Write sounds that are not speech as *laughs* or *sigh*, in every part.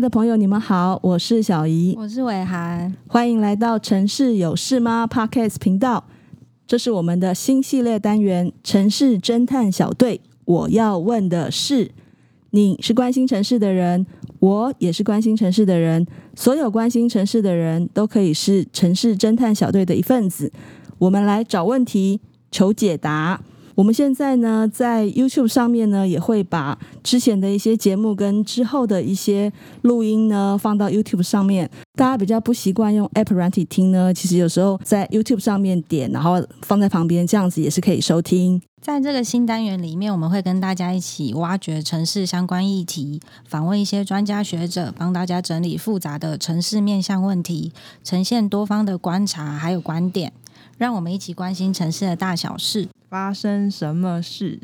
的朋友，你們好，我是小怡，我是偉涵，歡迎來到《城市有事嗎》Podcast 頻道。這是我們的新系列單元《城市偵探小隊》。我要問的是，你是關心城市的人，我也是關心城市的人，所有關心城市的人都可以是城市偵探小隊的一份子。我們來找問題，求解答。我們現在呢，在 YouTube 上面呢，也會把之前的一些節目跟之後的一些錄音呢，放到 YouTube 上面。大家比較不習慣用 App 軟體聽呢，其實有時候在 YouTube 上面點，然後放在旁邊這樣子也是可以收聽。在這個新單元裡面，我們會跟大家一起挖掘城市相關議題，訪問一些專家學者，幫大家整理複雜的城市面向問題，呈現多方的觀察還有觀點。讓我們一起關心城市的大小事。發生什麼事？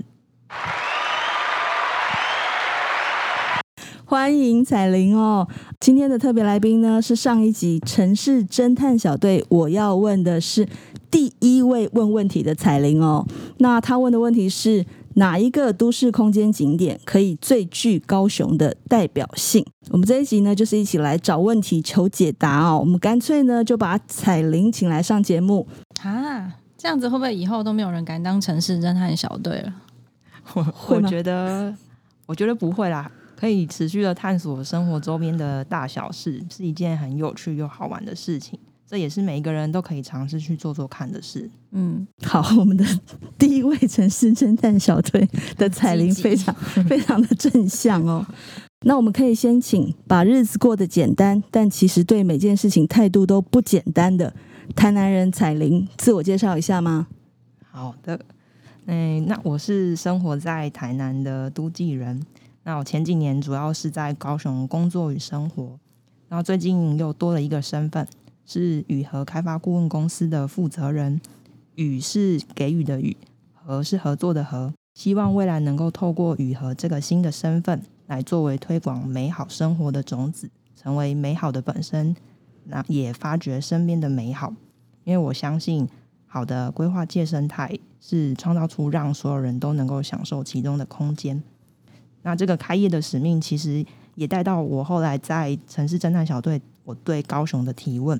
歡迎采靈哦！今天的特別來賓呢，是上一集《城市偵探小隊》。我要問的是第一位問問題的采靈哦。那他問的問題是哪一個都市空間景點可以最具高雄的代表性？我們這一集呢，就是一起來找問題求解答哦。我們乾脆呢，就把采靈請來上節目啊。這樣子會不會以後都沒有人敢當城市偵探小隊了？我我覺得，嗎我覺得不會啦，可以持續的探索生活周邊的大小事，是一件很有趣又好玩的事情。這也是每一個人都可以嘗試去做做看的事。嗯，好，我們的第一位城市偵探小隊的采靈非常 *laughs* 非常的正向哦。 *laughs* 那我們可以先請把日子過得簡單，但其實對每件事情態度都不簡單的。台南人采靈，自我介紹一下嗎？好的誒，那我是生活在台南的都計人。那我前幾年主要是在高雄工作與生活，然後最近又多了一個身份，是雨荷開發顧問公司的負責人。雨是給予的雨，和是合作的和。希望未來能夠透過雨荷這個新的身份，來作為推廣美好生活的種子，成為美好的本身。那也發掘身邊的美好，因為我相信好的規劃界生態是創造出讓所有人都能夠享受其中的空間。那這個開業的使命其實也帶到我後來在城市偵探小隊，我對高雄的提問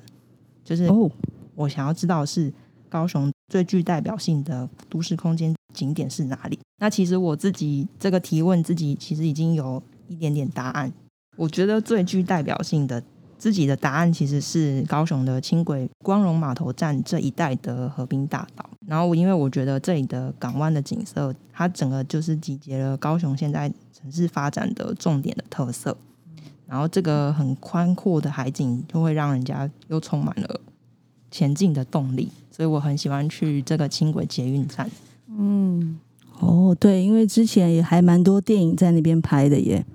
就是：哦，我想要知道是高雄最具代表性的都市空間景點是哪裡？那其實我自己這個提問自己其實已經有一點點答案。我覺得最具代表性的。自己的答案其實是高雄的輕軌光榮碼頭站這一帶的河濱大道。然後，因為我覺得這裡的港灣的景色，它整個就是集結了高雄現在城市發展的重點的特色。然後，這個很寬闊的海景就會讓人家又充滿了前進的動力。所以，我很喜歡去這個輕軌捷運站。嗯，哦，對，因為之前也還蠻多電影在那邊拍的耶。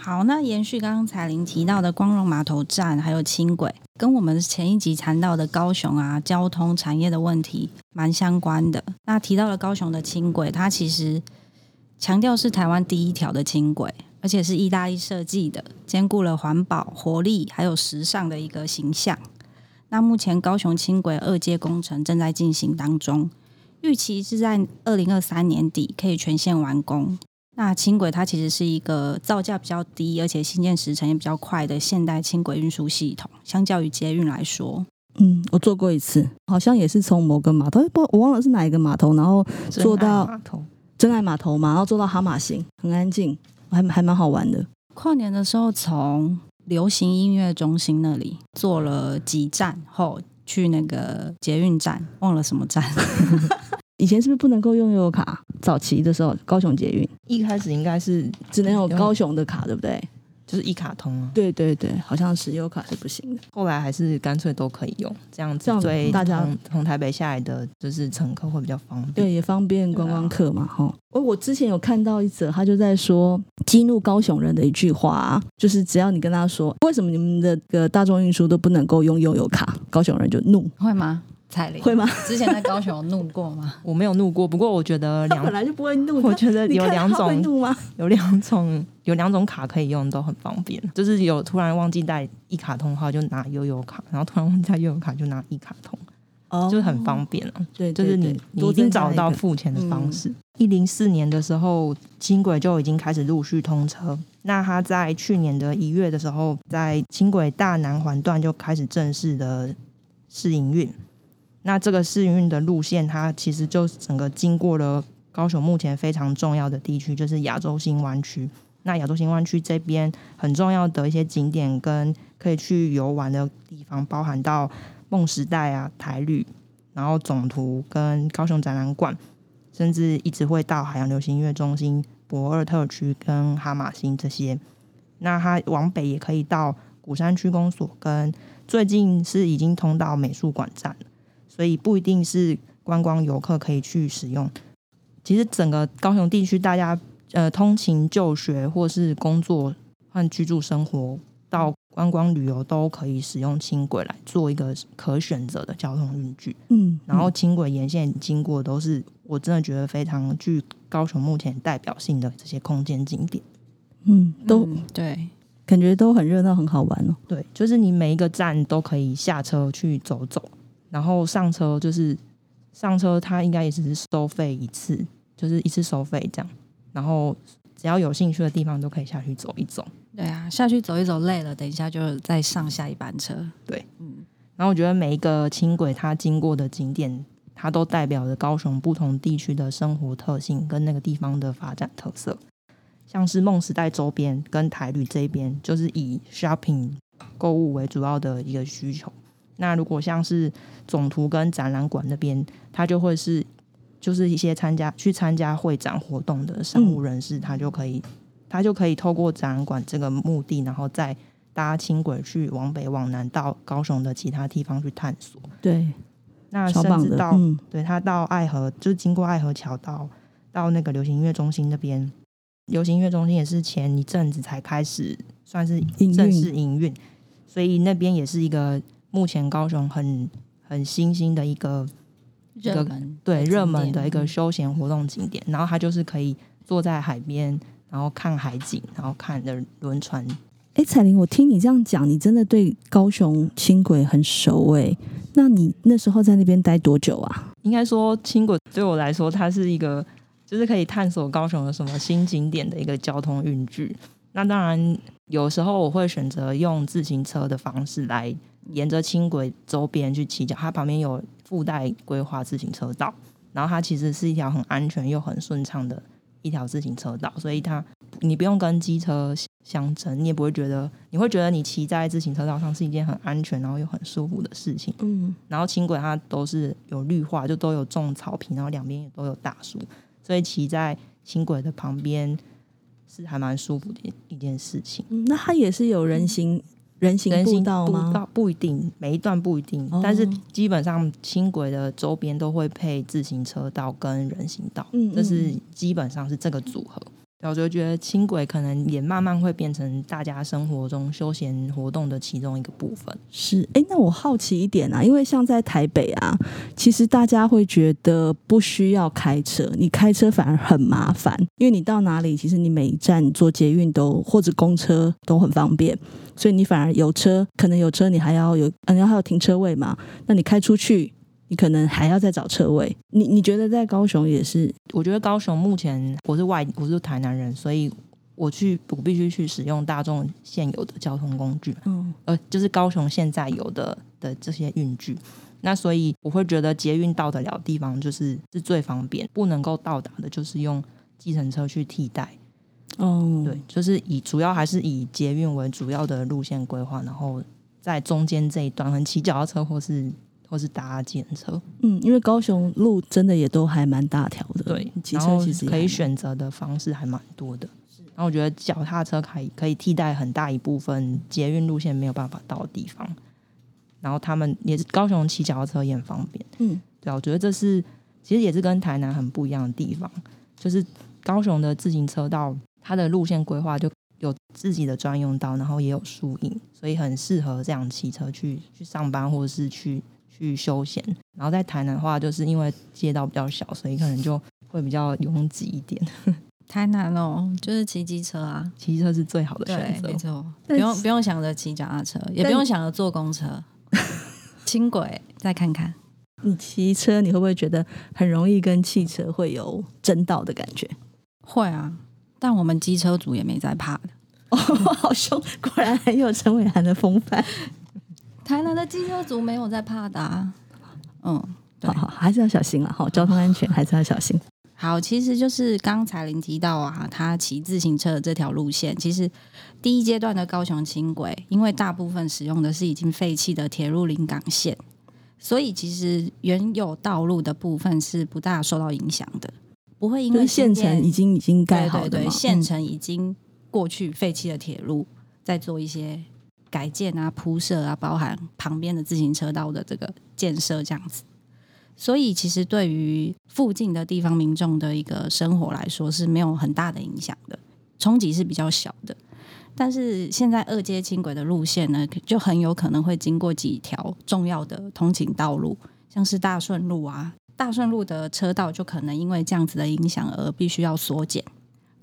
好，那延續剛剛采靈提到的光榮碼頭站，還有輕軌，跟我們前一集談到的高雄啊交通產業的問題蠻相關的。那提到了高雄的輕軌，它其實強調是台灣第一條的輕軌，而且是意大利設計的，兼顧了環保、活力還有時尚的一個形象。那目前高雄輕軌二階工程正在進行當中，預期是在二零二三年底可以全線完工。那輕軌它其實是一個造價比較低，而且新建時程也比較快的現代輕軌運輸系統，相較於捷運來說，嗯，我坐過一次，好像也是從某個碼頭，欸、不，我忘了是哪一個碼頭，然後坐到真愛碼頭嘛，然後坐到哈瑪星，很安靜，還還蠻好玩的。跨年的時候，從流行音樂中心那裡坐了幾站後，去那個捷運站，忘了什麼站。 *laughs* 以前是不是不能夠用悠遊卡？早期的時候，高雄捷運一開始應該是只能有高雄的卡，用對不對？就是一卡通、啊。對對對，好像悠遊卡是不行的。後來還是乾脆都可以用，這樣子對大家從從台北下來的，就是乘客會比較方便。對，也方便觀光客嘛，哈、啊。哦，我之前有看到一則，他就在說激怒高雄人的一句話，就是只要你跟他說，為什麼你們的的大眾運輸都不能夠用悠遊卡？高雄人就怒，會嗎？采靈會嗎？之前在高雄有怒過嗎？ *laughs* 我沒有怒過，不過我覺得兩本來就不會怒我覺得有兩種有兩種有兩種卡可以用，都很方便。就是有突然忘記帶一卡通的話，就拿悠遊卡；然後突然忘記帶悠遊卡，就拿一卡通，哦、就是很方便了、啊。對,對,對，就是你對對對你一定找到付錢的方式。一零四年的時候，輕軌就已經開始陸續通車。那他在去年的一月的時候，在輕軌大南環段就開始正式的試營運。那這個試運的路線，它其實就整個經過了高雄目前非常重要的地區，就是亞洲新灣區。那亞洲新灣區這邊很重要的一些景點跟可以去遊玩的地方，包含到夢時代啊、台鋁，然後總圖跟高雄展覽館，甚至一直會到海洋流行音樂中心、駁二特區跟哈瑪星這些。那它往北也可以到鼓山區公所跟、跟最近是已經通到美術館站。所以不一定是觀光遊客可以去使用。其實整個高雄地區，大家呃通勤、就學或是工作和居住生活到觀光旅遊都可以使用輕軌來做一個可選擇的交通工具。嗯，然後輕軌沿線經過都是，嗯、我真的覺得非常具高雄目前代表性的這些空間景點。嗯，都嗯對，感覺都很熱鬧，很好玩哦。對，就是你每一個站都可以下車去走走。然後上車就是上車，它應該也只是收費一次，就是一次收費這樣。然後只要有興趣的地方都可以下去走一走。對啊，下去走一走，累了，等一下就再上下一班車。對，嗯。然後我覺得每一個輕軌它經過的景點，它都代表着高雄不同地區的生活特性跟那個地方的發展特色。像是夢時代周邊跟台旅這邊，就是以 shopping 購物為主要的一個需求。那如果像是總圖跟展覽館那邊，他就會是就是一些參加去參加會展活動的商務人士，嗯、他就可以他就可以透過展覽館這個目的，然後再搭輕軌去往北往南到高雄的其他地方去探索。對，那甚至到、嗯、對他到愛河，就經過愛河橋到到那個流行音樂中心那邊，流行音樂中心也是前一陣子才開始算是正式營運，韻所以那邊也是一個。目前高雄很很新興的一個熱門，對，熱門的一個休閒活動景點，嗯、然後它就是可以坐在海邊，然後看海景，然後看的輪船。哎、欸，采靈，我聽你這樣講，你真的對高雄輕軌很熟誒。那你那時候在那邊待多久啊？應該說，輕軌對我來說，它是一個就是可以探索高雄的什麼新景點的一個交通運具。那當然，有時候我會選擇用自行車的方式來。沿着輕軌周邊去騎腳，它旁邊有附帶規劃自行車道，然後它其實是一條很安全又很順暢的一條自行車道，所以它你不用跟機車相乘，你也不會覺得，你會覺得你騎在自行車道上是一件很安全然後又很舒服的事情。嗯，然後輕軌它都是有綠化，就都有種草坪，然後兩邊也都有大樹，所以騎在輕軌的旁邊是還蠻舒服的一，一件事情。嗯。那它也是有人行。嗯。人行步道嗎？人行道不一定，每一段不一定，哦，但是基本上輕軌的周邊都會配自行車道跟人行道，嗯嗯，這是基本上是這個組合。小哲覺得輕軌可能也慢慢會變成大家生活中休閒活動的其中一個部分。是，哎、欸，那我好奇一點啊，因為像在台北啊，其實大家會覺得不需要開車，你開車反而很麻煩，因為你到哪裡，其實你每一站坐捷運都或者公車都很方便，所以你反而有車，可能有車你還要有，嗯、啊，你要還有停車位嘛，那你開出去。你可能還要再找車位。你你覺得在高雄也是？我覺得高雄目前，我是外，我是台南人，所以我去，我必須去使用大眾現有的交通工具。嗯，呃，就是高雄現在有的的這些運具。那所以我會覺得捷運到得了地方，就是是最方便，不能夠到達的，就是用計程車去替代。哦，對，就是以主要還是以捷運為主要的路線規劃，然後在中間這一段，很騎腳踏車或是。或是搭捷車，嗯，因為高雄路真的也都還蠻大條的，對，騎車其實可以選擇的方式還蠻多的。是然後我覺得腳踏車可以可以替代很大一部分捷運路線沒有辦法到的地方。然後他們也是高雄騎腳踏車也很方便，嗯，對，我覺得這是其實也是跟台南很不一樣的地方，就是高雄的自行車道，它的路線規劃就有自己的專用道，然後也有樹蔭，所以很適合這樣騎車去去上班或者是去。去休閒，然後在台南的話，就是因為街道比較小，所以可能就會比較擁擠一點。台南哦，就是騎機車啊，騎車是最好的選擇，沒錯是，不用不用想着騎腳踏車，也不用想着坐公車，輕軌是再看看。你騎車你會不會覺得很容易跟汽車會有爭道的感覺？會啊，但我們機車組也沒在怕的。 *laughs* *laughs* 好凶，果然很有程韋涵的風範。台南的機車族沒有在怕的啊，嗯，好好還是要小心啊，好，交通安全還是要小心。好，其實就是剛才林提到啊，他騎自行車的這條路線，其實第一階段的高雄輕軌，因為大部分使用的是已經廢棄的鐵路臨港線，所以其實原有道路的部分是不大受到影響的，不會因為縣城已經已經蓋好的對，縣城已經過去廢棄的鐵路在做一些。改建啊、鋪設啊，包含旁邊的自行車道的這個建設，這樣子，所以其實對於附近的地方民眾的一個生活來說是沒有很大的影響的，衝擊是比較小的。但是現在二階輕軌的路線呢，就很有可能會經過幾條重要的通勤道路，像是大順路啊，大順路的車道就可能因為這樣子的影響而必須要縮減。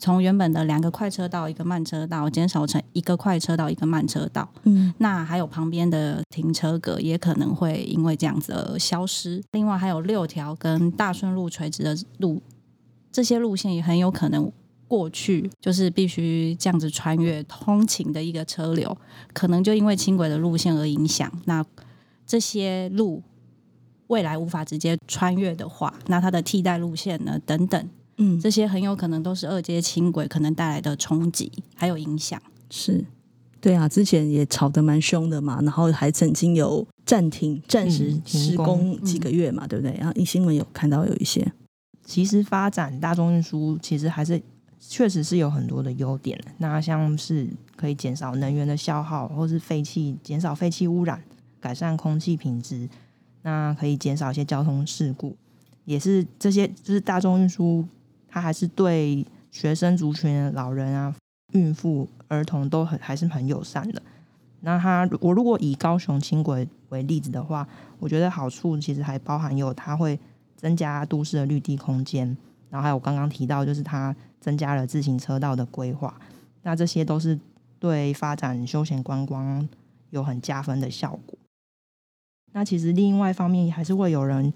從原本的兩個快車道、一個慢車道減少成一個快車道、一個慢車道。嗯，那還有旁邊的停車格也可能會因為這樣子而消失。另外還有六條跟大順路垂直的路，這些路線也很有可能過去就是必須這樣子穿越通勤的一個車流，可能就因為輕軌的路線而影響。那這些路未來無法直接穿越的話，那它的替代路線呢？等等。嗯，這些很有可能都是二階輕軌可能帶來的衝擊還有影響。是，對啊，之前也吵得蠻兇的嘛，然後還曾經有暫停、暫時施工幾個月嘛，嗯嗯、對不對？然後一新聞有看到有一些。其實發展大眾運輸，其實還是確實是有很多的優點。那像是可以減少能源的消耗，或是廢氣，減少廢氣污染，改善空氣品質。那可以減少一些交通事故，也是這些就是大眾運輸。他還是對學生族群、老人啊、孕婦、兒童都很還是很友善的。那他，我如果以高雄輕軌為例子的話，我覺得好處其實還包含有，它會增加都市的綠地空間，然後還有我剛剛提到，就是它增加了自行車道的規劃。那這些都是對發展休閒觀光有很加分的效果。那其實另外一方面，還是會有人。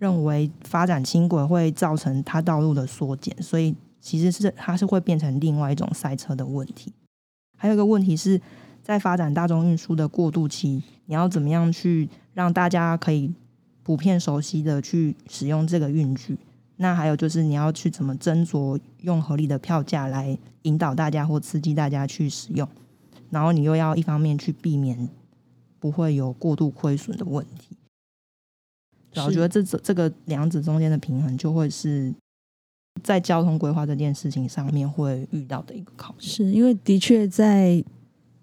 認為發展輕軌會造成它道路的縮減，所以其實是它是會變成另外一種塞車的問題。還有一個問題是，在發展大眾運輸的過渡期，你要怎麼樣去讓大家可以普遍熟悉的去使用這個運具？那還有就是你要去怎麼斟酌用合理的票價來引導大家或刺激大家去使用，然後你又要一方面去避免不會有過度虧損的問題。我覺得這這是這個兩者中間的平衡，就會是在交通規劃這件事情上面會遇到的一個考試。因為的確在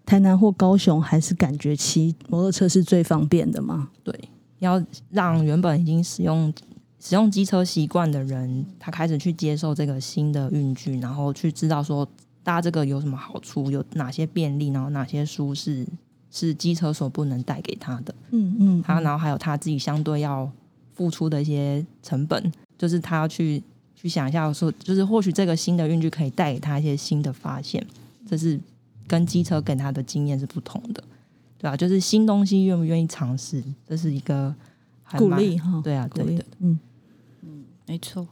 台南或高雄，還是感覺騎摩托車是最方便的嘛。對，要讓原本已經使用使用機車習慣的人，他開始去接受這個新的運具，然後去知道說搭這個有什麼好處，有哪些便利，然後哪些舒適是，是機車所不能帶給他的。嗯嗯，嗯他然後還有他自己相對要付出的一些成本，就是他要去去想一下說，說就是或許這個新的運具可以帶給他一些新的發現，這是跟機車給他的經驗是不同的，對啊，就是新東西願不願意嘗試，這是一個很鼓勵勵哈，對啊，勵對，對，對的，嗯，沒錯。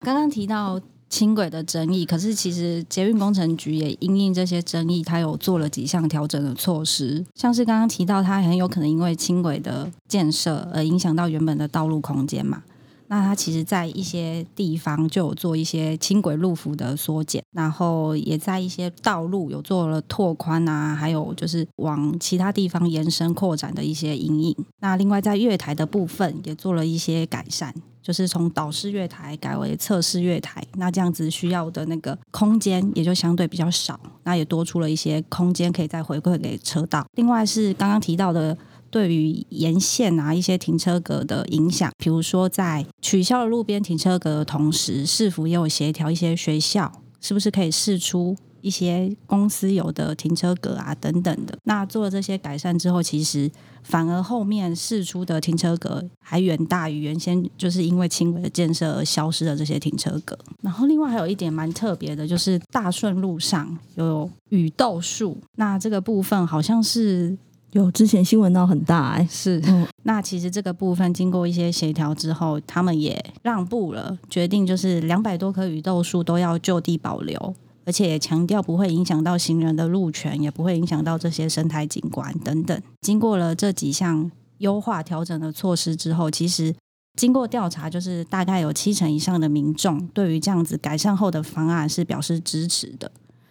剛剛提到，輕軌的爭議，可是其實捷運工程局也因應這些爭議，它有做了幾項調整的措施，像是剛剛提到，它很有可能因為輕軌的建設而影響到原本的道路空間嘛。那它其實，在一些地方就有做一些輕軌路幅的縮減，然後也在一些道路有做了拓寬啊，還有就是往其他地方延伸擴展的一些因應。那另外，在月台的部分也做了一些改善，就是從島式月台改為側式月台，那這樣子需要的那個空間也就相對比較少，那也多出了一些空間可以再回饋給車道。另外是剛剛提到的。對於沿線啊一些停車格的影響，比如說在取消了路邊停車格的同時，是否也有協調一些學校，是不是可以釋出一些公司有的停車格啊等等的？那做了這些改善之後，其實反而後面釋出的停車格還遠大於原先就是因為輕軌的建設而消失的這些停車格。然後另外還有一點蠻特別的，就是大順路上有雨豆樹，那這個部分好像是。有之前新聞鬧很大哎、欸，是、嗯。那其實這個部分經過一些協調之後，他們也讓步了，決定就是兩百多棵雨豆樹都要就地保留，而且也強調不會影響到行人的路權，也不會影響到這些生態景觀等等。經過了這幾項優化調整的措施之後，其實經過調查，就是大概有七成以上的民眾對於這樣子改善後的方案是表示支持的，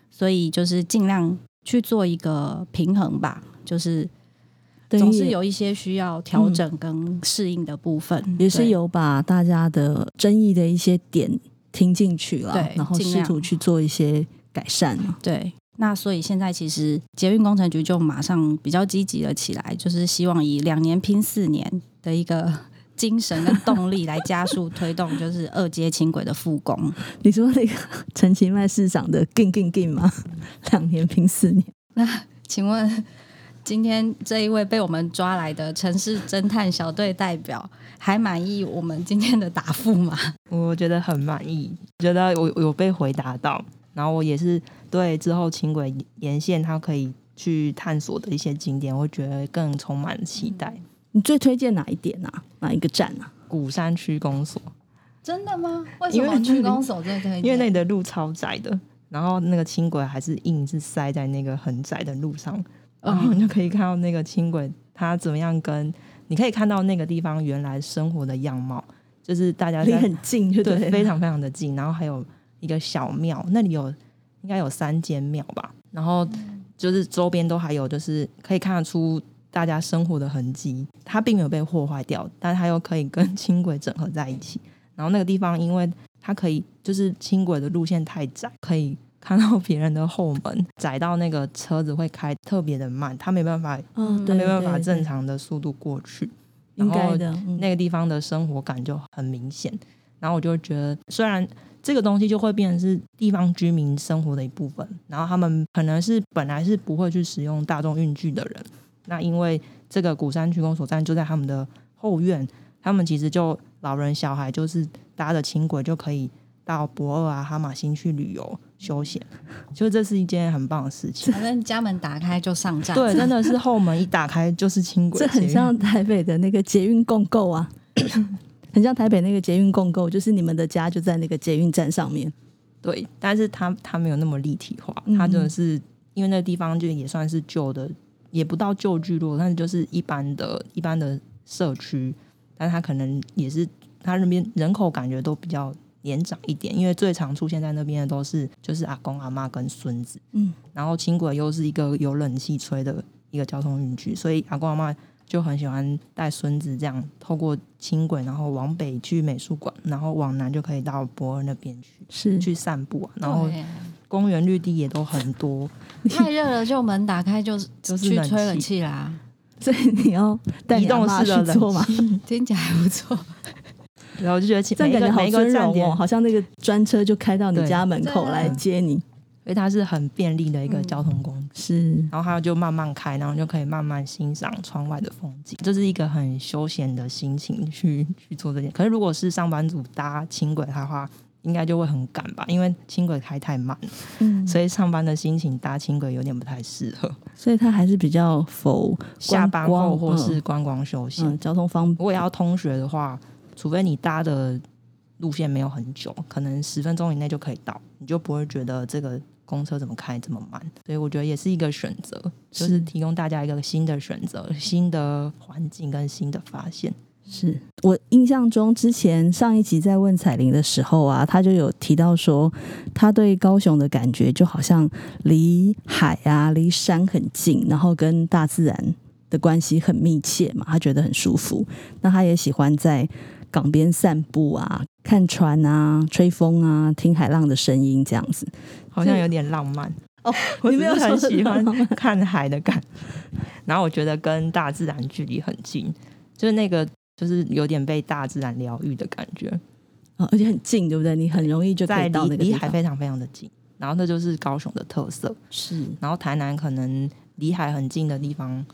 所以就是盡量去做一個平衡吧。就是總是有一些需要調整跟適應的部分也、嗯，也是有把大家的爭議的一些點聽進去了，對然後試圖去做一些改善對。對，那所以現在其實捷運工程局就馬上比較積極了起來，就是希望以兩年拼四年的一個精神跟動力來加速推動，就是二階輕軌的復工。 *laughs* 你說那個陳其邁市長的“緊緊緊”嗎？嗯、兩年拼四年？那請問？今天這一位被我們抓來的城市偵探小隊代表，還滿意我們今天的答覆嗎？我覺得很滿意，我覺得我，我有被回答到，然後我也是對之後輕軌沿線它可以去探索的一些景點，我覺得更充滿期待。嗯。你最推薦哪一點啊？哪一個站啊？鼓山區公所？真的嗎？為什麼？因為區公所最推薦？因為那裡的路超窄的，然後那個輕軌還是硬是塞在那個很窄的路上。啊、嗯，你就可以看到那個輕軌，它怎麼樣跟？你可以看到那個地方原來生活的樣貌，就是大家離很近，對，非常非常的近。然後還有一個小廟，那裡有應該有三間廟吧。然後就是周邊都還有，就是可以看得出大家生活的痕跡，它並沒有被破壞掉，但它又可以跟輕軌整合在一起。然後那個地方，因為它可以，就是輕軌的路線太窄，可以。看到別人的後門窄到那個車子會開特別的慢，他沒辦法，嗯，他沒辦法正常的速度過去。嗯、然後應該的、嗯、那個地方的生活感就很明顯。然後我就覺得，雖然這個東西就會變成是地方居民生活的一部分。然後他們可能是本來是不會去使用大眾運具的人，那因為這個鼓山區公所站就在他們的後院，他們其實就老人小孩就是搭着輕軌就可以到駁二啊、哈瑪星去旅遊休閒，就這是一件很棒的事情。反正家門打開就上站，對，真的是後門一打開就是輕軌，這很像台北的那個捷運共構啊， *coughs* 很像台北那個捷運共構，就是你們的家就在那個捷運站上面。對，但是它它沒有那麼立體化，它真、就、的是、嗯、因為那個地方就也算是舊的，也不到舊聚落，但是就是一般的一般的社區，但它可能也是它那邊人口感覺都比較。年長一點，因為最常出現在那邊的都是就是阿公阿嬤跟孫子。嗯，然後輕軌又是一個有冷氣吹的一個交通運具，所以阿公阿嬤就很喜歡帶孫子這樣透過輕軌，然後往北去美術館，然後往南就可以到駁二那邊去，是去散步啊。然後公園綠地也都很多，啊、 *laughs* 太熱了就門打開就是就是去吹冷氣啦。所以你要帶移動式的冷氣，聽起來還不錯。然後我就覺得， *music* 這感覺好尊、嗯、哦，好像那個專車就開到你家門口來接你，所以、嗯、它是很便利的一個交通工具。是，然後它就慢慢開，然後就可以慢慢欣賞窗外的風景，這、就是一個很休閒的心情去、嗯、去做這件。可是如果是上班族搭輕軌的話，應該就會很趕吧，因為輕軌開太慢。嗯，所以上班的心情搭輕軌有點不太適合。所以它還是比較否下班後或是觀光休閒、嗯、交通方便，如果要通學的話。除非你搭的路線沒有很久，可能十分鐘以內就可以到，你就不會覺得這個公車怎麼開這麼慢。所以我覺得也是一個選擇，就是提供大家一個新的選擇、新的環境跟新的發現。是。我印象中之前上一集在問采靈的時候啊，他就有提到說，他對高雄的感覺就好像離海啊、離山很近，然後跟大自然的關係很密切嘛，他覺得很舒服。那他也喜歡在。港邊散步啊，看船啊，吹風啊，聽海浪的聲音，這樣子好像有點浪漫哦。你沒有很喜歡看海的感覺？然後我覺得跟大自然距離很近，就是那個，就是有點被大自然療癒的感覺，哦，而且很近，對不對？你很容易就到那個地方離，離海非常非常的近。然後這就是高雄的特色，是。然後台南可能離海很近的地方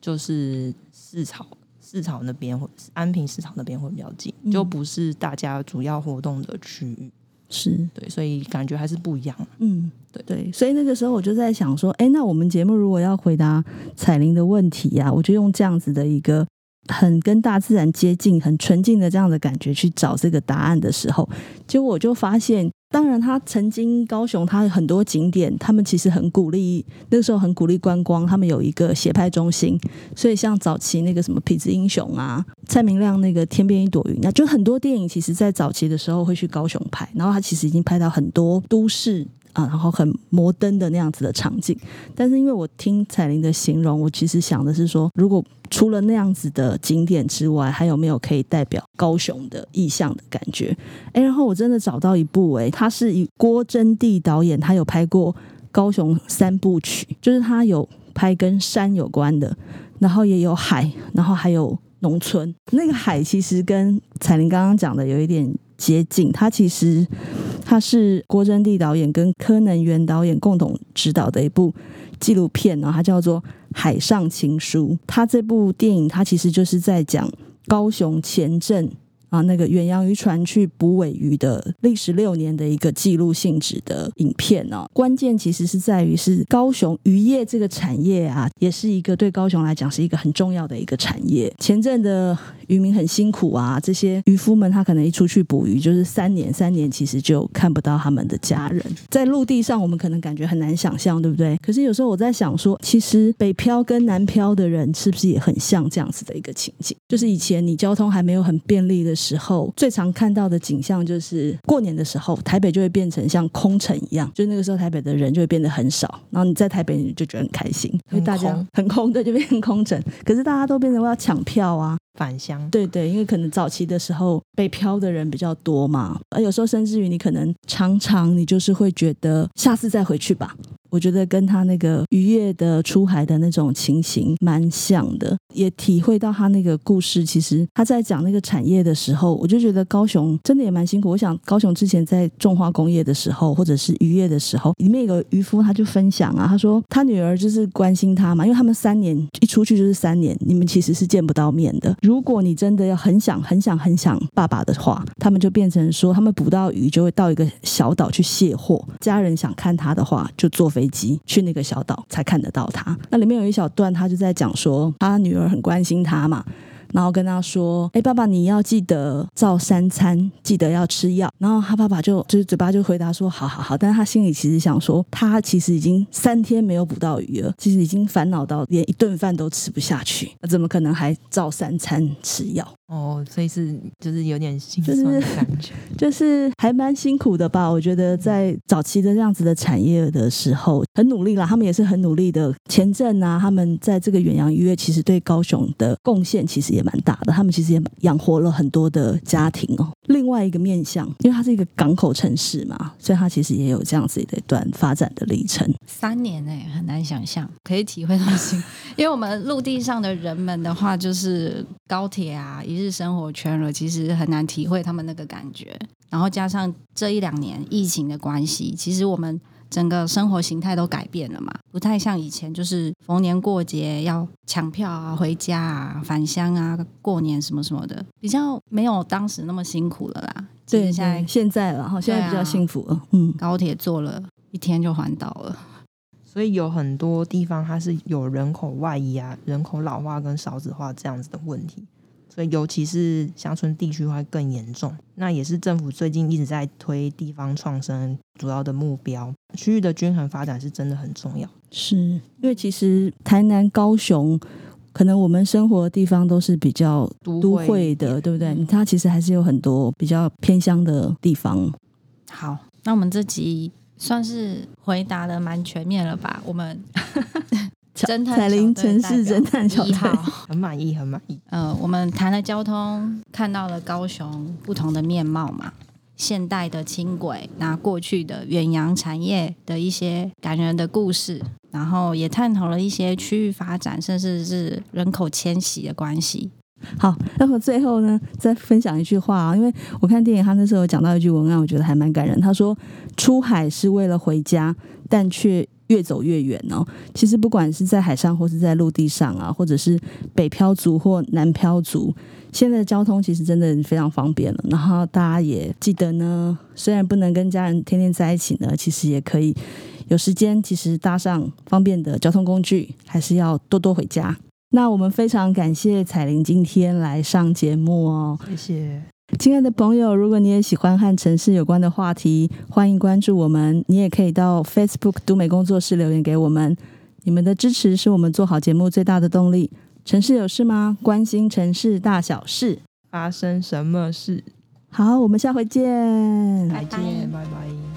就是四草。市場那邊或安平市場那邊會比較近，嗯、就不是大家主要活動的區域，是對，所以感覺還是不一樣。嗯，對對，所以那個時候我就在想說，哎，那我們節目如果要回答采靈的問題呀、啊，我就用這樣子的一個。很跟大自然接近，很純淨的這樣的感覺，去找這個答案的時候，結果我就發現，當然他曾經高雄，他有很多景點，他們其實很鼓勵，那個時候很鼓勵觀光，他們有一個協拍中心，所以像早期那個什麼痞子英雄啊，蔡明亮那個天邊一朵雲，那就很多電影。其實在早期的時候會去高雄拍，然後他其實已經拍到很多都市，啊，然後很摩登的那樣子的場景，但是因為我聽采靈的形容，我其實想的是說，如果除了那樣子的景點之外，還有沒有可以代表高雄的意象的感覺？哎，然後我真的找到一部誒，哎，他是以郭珍弟導演，他有拍過高雄三部曲，就是他有拍跟山有關的，然後也有海，然後還有農村。那個海其實跟采靈剛剛講的有一點接近，它其實。它是郭珍弟導演跟柯能源導演共同執導的一部紀錄片，然後它叫做《海上情書》。它這部電影，它其實就是在講高雄前鎮。啊，那個遠洋漁船去捕鮪魚的歷時六年的一個紀錄性質的影片呢、哦？關鍵其實是在於，是高雄漁業這個產業啊，也是一個對高雄來講是一個很重要的一個產業。前陣的漁民很辛苦啊，這些漁夫們他可能一出去捕魚就是三年，三年其實就看不到他們的家人。在陸地上我們可能感覺很難想象，對不對？可是有時候我在想說，其實北漂跟南漂的人是不是也很像這樣子的一個情景？就是以前你交通還沒有很便利的時候，時候最常看到的景象就是過年的時候，台北就會變成像空城一樣，就是那個時候台北的人就會變得很少，然後你在台北你就覺得很開心，因為大家很空的就變成空城，可是大家都變成要搶票啊，返鄉，對對，因為可能早期的時候北漂的人比較多嘛，啊，有時候甚至於你可能常常你就是會覺得下次再回去吧。我覺得跟他那個漁業的出海的那種情形蠻像的，也體會到他那個故事。其實他在講那個產業的時候，我就覺得高雄真的也蠻辛苦。我想高雄之前在重化工業的時候，或者是漁業的時候，裡面有個漁夫，他就分享啊，他說他女兒就是關心他嘛，因為他們三年一出去就是三年，你們其實是見不到面的。如果你真的要很想很想很想爸爸的話，他們就變成說，他們捕到魚就會到一個小島去卸貨，家人想看他的話，就坐飛。以及去那個小島才看得到他。那裡面有一小段，他就在講說，他女兒很關心他嘛，然後跟他說：“哎，爸爸，你要記得照三餐，記得要吃藥。”然後他爸爸就就是嘴巴就回答說：“好好好。”但他心裡其實想說，他其實已經三天沒有捕到魚了，其實已經煩惱到連一頓飯都吃不下去，那怎麼可能還照三餐吃藥？哦，所以是就是有點辛苦，就是，就是感覺就是還蠻辛苦的吧？我覺得在早期的這樣子的產業的時候，很努力啦，他們也是很努力的。前陣啊，他們在這個遠洋漁業，其實對高雄的貢獻其實也蠻大的，他們其實也養活了很多的家庭哦、喔。另外一個面向，因為它是一個港口城市嘛，所以它其實也有這樣子的一段發展的歷程。三年哎、欸，很難想象，可以體會到心， *laughs* 因為我們陸地上的人們的話，就是。高鐵啊，一日生活圈了，其實很難體會他們那個感覺。然後加上這一兩年疫情的關係，其實我們整個生活形態都改變了嘛，不太像以前，就是逢年過節要搶票啊、回家啊、返鄉啊、過年什麼什麼的，比較沒有當時那麼辛苦了啦。對,對，現在現在了，然後現在比較幸福了。啊、嗯，高鐵坐了一天就環島了。所以有很多地方，它是有人口外移啊、人口老化跟少子化這樣子的問題，所以尤其是鄉村地區會更嚴重。那也是政府最近一直在推地方創生，主要的目標。區域的均衡發展是真的很重要。是因為其實台南、高雄，可能我們生活的地方都是比較都會的，都會對不對？它其實還是有很多比較偏鄉的地方。好，那我們這集。算是回答的蠻全面了吧？我們《 *laughs* 超 采靈城市偵探小隊》一號 很滿意，很滿意。呃，我們談了交通，看到了高雄不同的面貌嘛，現代的輕軌，那過去的遠洋產業的一些感人的故事，然後也探討了一些區域發展，甚至是人口遷徙的關係。好，那麼最後呢，再分享一句話啊，因為我看電影，他那時候講到一句文案，我覺得還蠻感人。他說：“出海是為了回家，但卻越走越遠哦。”其實不管是在海上或是在陸地上啊，或者是北漂族或南漂族，現在的交通其實真的非常方便了。然後大家也記得呢，雖然不能跟家人天天在一起呢，其實也可以有時間，其實搭上方便的交通工具，還是要多多回家。那我們非常感謝采靈今天來上節目哦，謝謝，親愛的朋友，如果你也喜歡和城市有關的話題，歡迎關注我們，你也可以到 Facebook 都媒工作室留言給我們，你們的支持是我們做好節目最大的動力。城市有事嗎？關心城市大小事，發生什麼事？好，我們下回見，拜拜再見，拜拜。